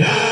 Hallelujah.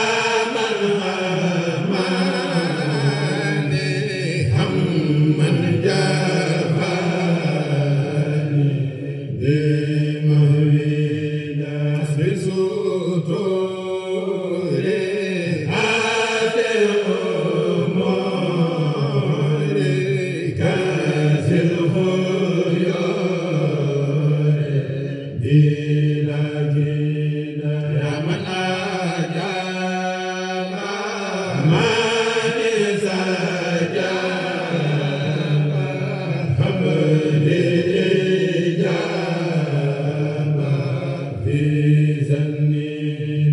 fi zanni